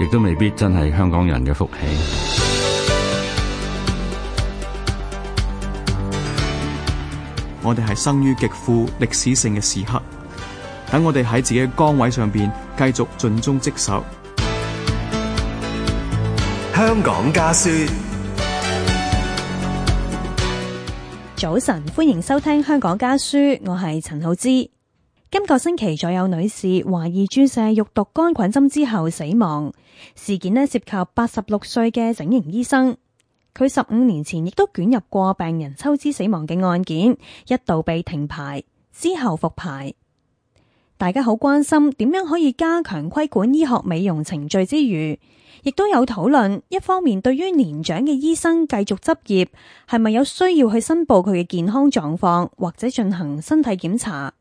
亦都未必真係香港人嘅福氣。我哋係生於極富歷史性嘅時刻，等我哋喺自己嘅崗位上邊繼續盡忠職守。香港家書。早晨，歡迎收聽《香港家書》，我係陳浩之。今個星期再有女士懷疑注射肉毒杆菌針之後死亡事件咧，涉及八十六歲嘅整形醫生。佢十五年前亦都捲入過病人抽脂死亡嘅案件，一度被停牌之後復牌。大家好關心點樣可以加強規管醫學美容程序之餘，亦都有討論。一方面對於年長嘅醫生繼續執業係咪有需要去申報佢嘅健康狀況，或者進行身體檢查？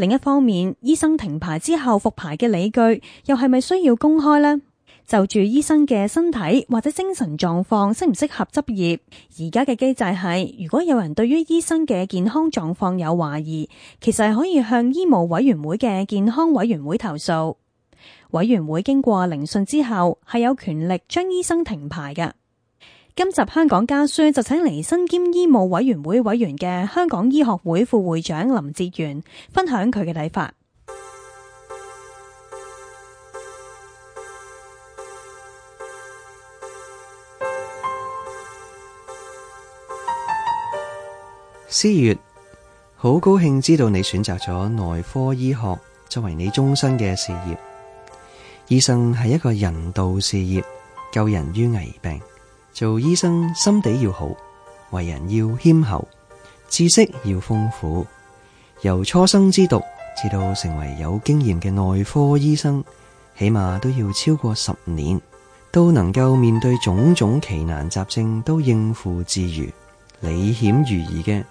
另一方面，醫生停牌之後復牌嘅理據又係咪需要公開呢？就住醫生嘅身體或者精神狀況適唔適合執業，而家嘅機制係，如果有人對於醫生嘅健康狀況有懷疑，其實係可以向醫務委員會嘅健康委員會投訴，委員會經過聆訊之後係有權力將醫生停牌㗎。今集《香港家書》就請嚟身兼醫務委員會委員嘅香港醫學會副會長林哲玄分享佢嘅睇法。思月，好高興知道你選擇咗內科醫學作為你終身嘅事業。醫生係一個人道事業，救人於危病。做醫生，心地要好，為人要謙厚，知識要豐富。由初生之犢，至到成為有經驗嘅內科醫生，起碼都要超過十年，都能夠面對種種奇難雜症都應付自如，履險如夷嘅，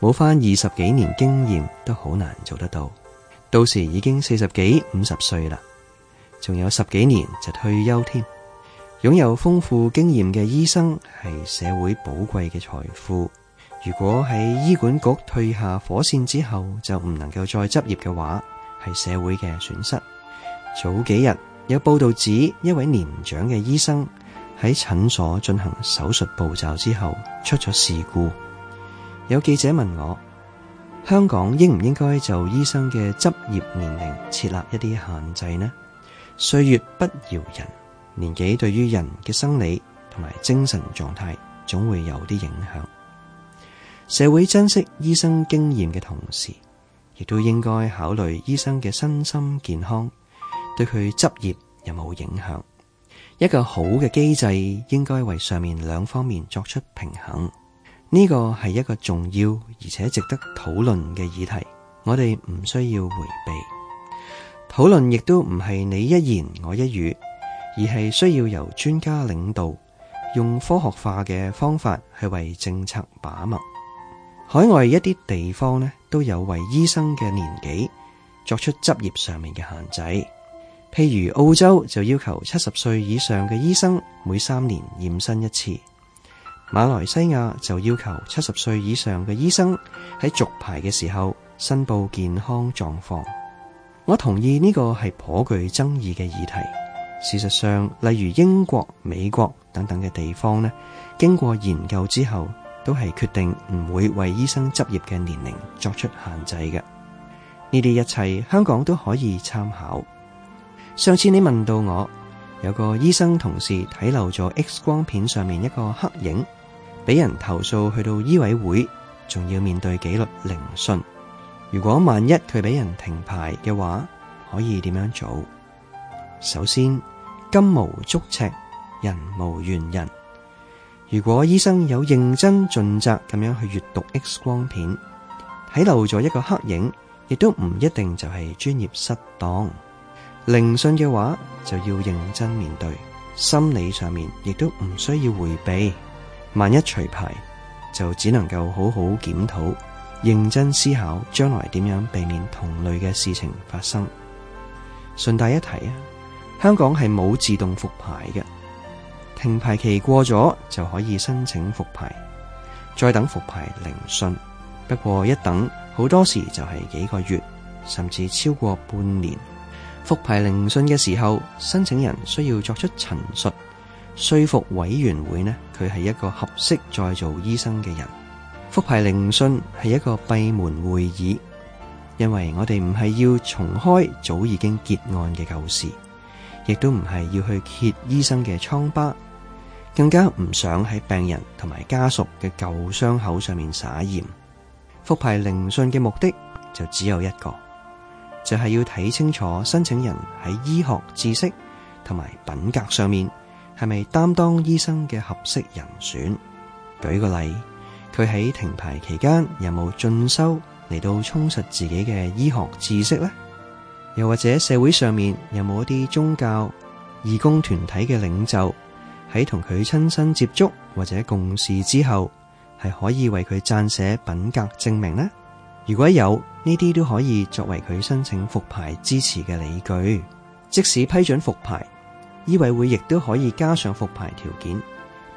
冇返二十幾年經驗都好難做得到。到時已經四十幾、五十歲啦，仲有十幾年就退休添。擁有豐富經驗嘅醫生係社會寶貴嘅財富。如果喺醫管局退下火綫之後就唔能夠再執業嘅話，係社會嘅損失。早幾日有報道指一位年長嘅醫生喺診所進行手術步驟之後出咗事故。有記者問我：香港應唔應該就醫生嘅執業年齡設立一啲限制呢？歲月不饒人。年紀對於人嘅生理同埋精神狀態總會有啲影響。社會珍惜醫生經驗嘅同時，亦都應該考慮醫生嘅身心健康，對佢執業有冇影響。一個好嘅機制應該為上面兩方面作出平衡。呢個係一個重要而且值得討論嘅議題，我哋唔需要回避。討論亦都唔係你一言我一語。而係需要由專家領導，用科學化嘅方法，去為政策把脈。海外一啲地方咧，都有為醫生嘅年紀作出執業上面嘅限制，譬如澳洲就要求七十歲以上嘅醫生每三年驗身一次；馬來西亞就要求七十歲以上嘅醫生喺續牌嘅時候申報健康狀況。我同意呢個係頗具爭議嘅議題。事實上，例如英國、美國等等嘅地方咧，經過研究之後，都係決定唔會為醫生執業嘅年齡作出限制嘅。呢啲一切香港都可以參考。上次你問到我，有個醫生同事睇漏咗 X 光片上面一個黑影，俾人投訴去到醫委會，仲要面對紀律聆訊。如果萬一佢俾人停牌嘅話，可以點樣做？首先，金無足赤，人無完人。如果醫生有認真盡責咁樣去閱讀 X 光片，睇漏咗一個黑影，亦都唔一定就係專業失當。聆訊嘅話，就要認真面對，心理上面亦都唔需要回避。萬一除牌，就只能夠好好檢討，認真思考將來點樣避免同類嘅事情發生。順帶一提啊。香港係冇自動復牌嘅，停牌期過咗就可以申請復牌，再等復牌聆訊。不過一等好多時就係幾個月，甚至超過半年。復牌聆訊嘅時候，申請人需要作出陳述，說服委員會呢，佢係一個合適再做醫生嘅人。復牌聆訊係一個閉門會議，因為我哋唔係要重開早已經結案嘅舊事。亦都唔係要去揭醫生嘅瘡疤，更加唔想喺病人同埋家屬嘅舊傷口上面撒鹽。復牌聆訊嘅目的就只有一個，就係、是、要睇清楚申請人喺醫學知識同埋品格上面係咪擔當醫生嘅合適人選。舉個例，佢喺停牌期間有冇進修嚟到充實自己嘅醫學知識呢？又或者社會上面有冇一啲宗教義工團體嘅領袖喺同佢親身接觸或者共事之後，係可以為佢撰寫品格證明呢？如果有，呢啲都可以作為佢申請復牌支持嘅理據。即使批准復牌，醫委會亦都可以加上復牌條件，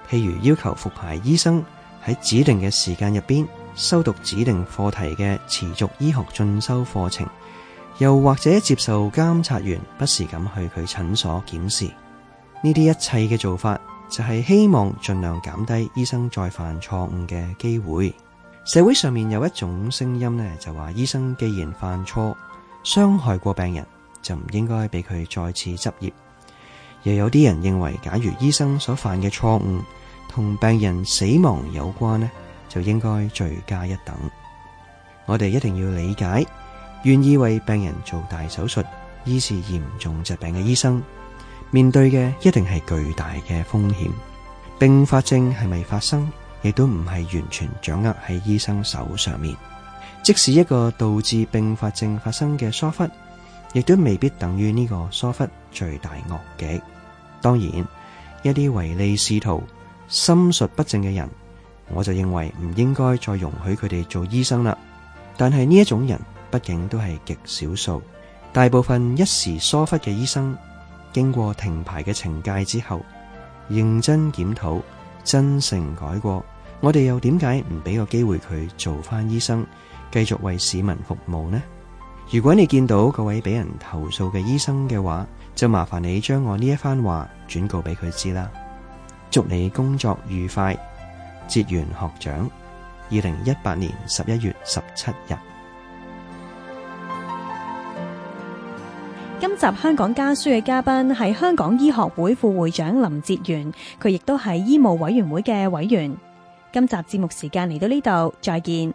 譬如要求復牌醫生喺指定嘅時間入邊修讀指定課題嘅持續醫學進修課程。又或者接受監察員不時咁去佢診所檢視，呢啲一切嘅做法就係希望盡量減低醫生再犯錯誤嘅機會。社會上面有一種聲音呢，就話醫生既然犯錯傷害過病人，就唔應該俾佢再次執業。又有啲人認為，假如醫生所犯嘅錯誤同病人死亡有關呢，就應該罪加一等。我哋一定要理解。願意為病人做大手術，醫治嚴重疾病嘅醫生，面對嘅一定係巨大嘅風險。併發症係咪發生，亦都唔係完全掌握喺醫生手上面。即使一個導致併發症發生嘅疏忽，亦都未必等於呢個疏忽罪大惡極。當然，一啲唯利是圖、心術不正嘅人，我就認為唔應該再容許佢哋做醫生啦。但係呢一種人，畢竟都係極少數，大部分一時疏忽嘅醫生，經過停牌嘅懲戒之後，認真檢討、真誠改過，我哋又點解唔俾個機會佢做翻醫生，繼續為市民服務呢？如果你見到各位俾人投訴嘅醫生嘅話，就麻煩你將我呢一番話轉告俾佢知啦。祝你工作愉快，哲玄學長，二零一八年十一月十七日。今集《香港家書》嘅嘉賓係香港醫學會副會長林哲玄，佢亦都係醫務委員會嘅委員。今集節目時間嚟到呢度，再見。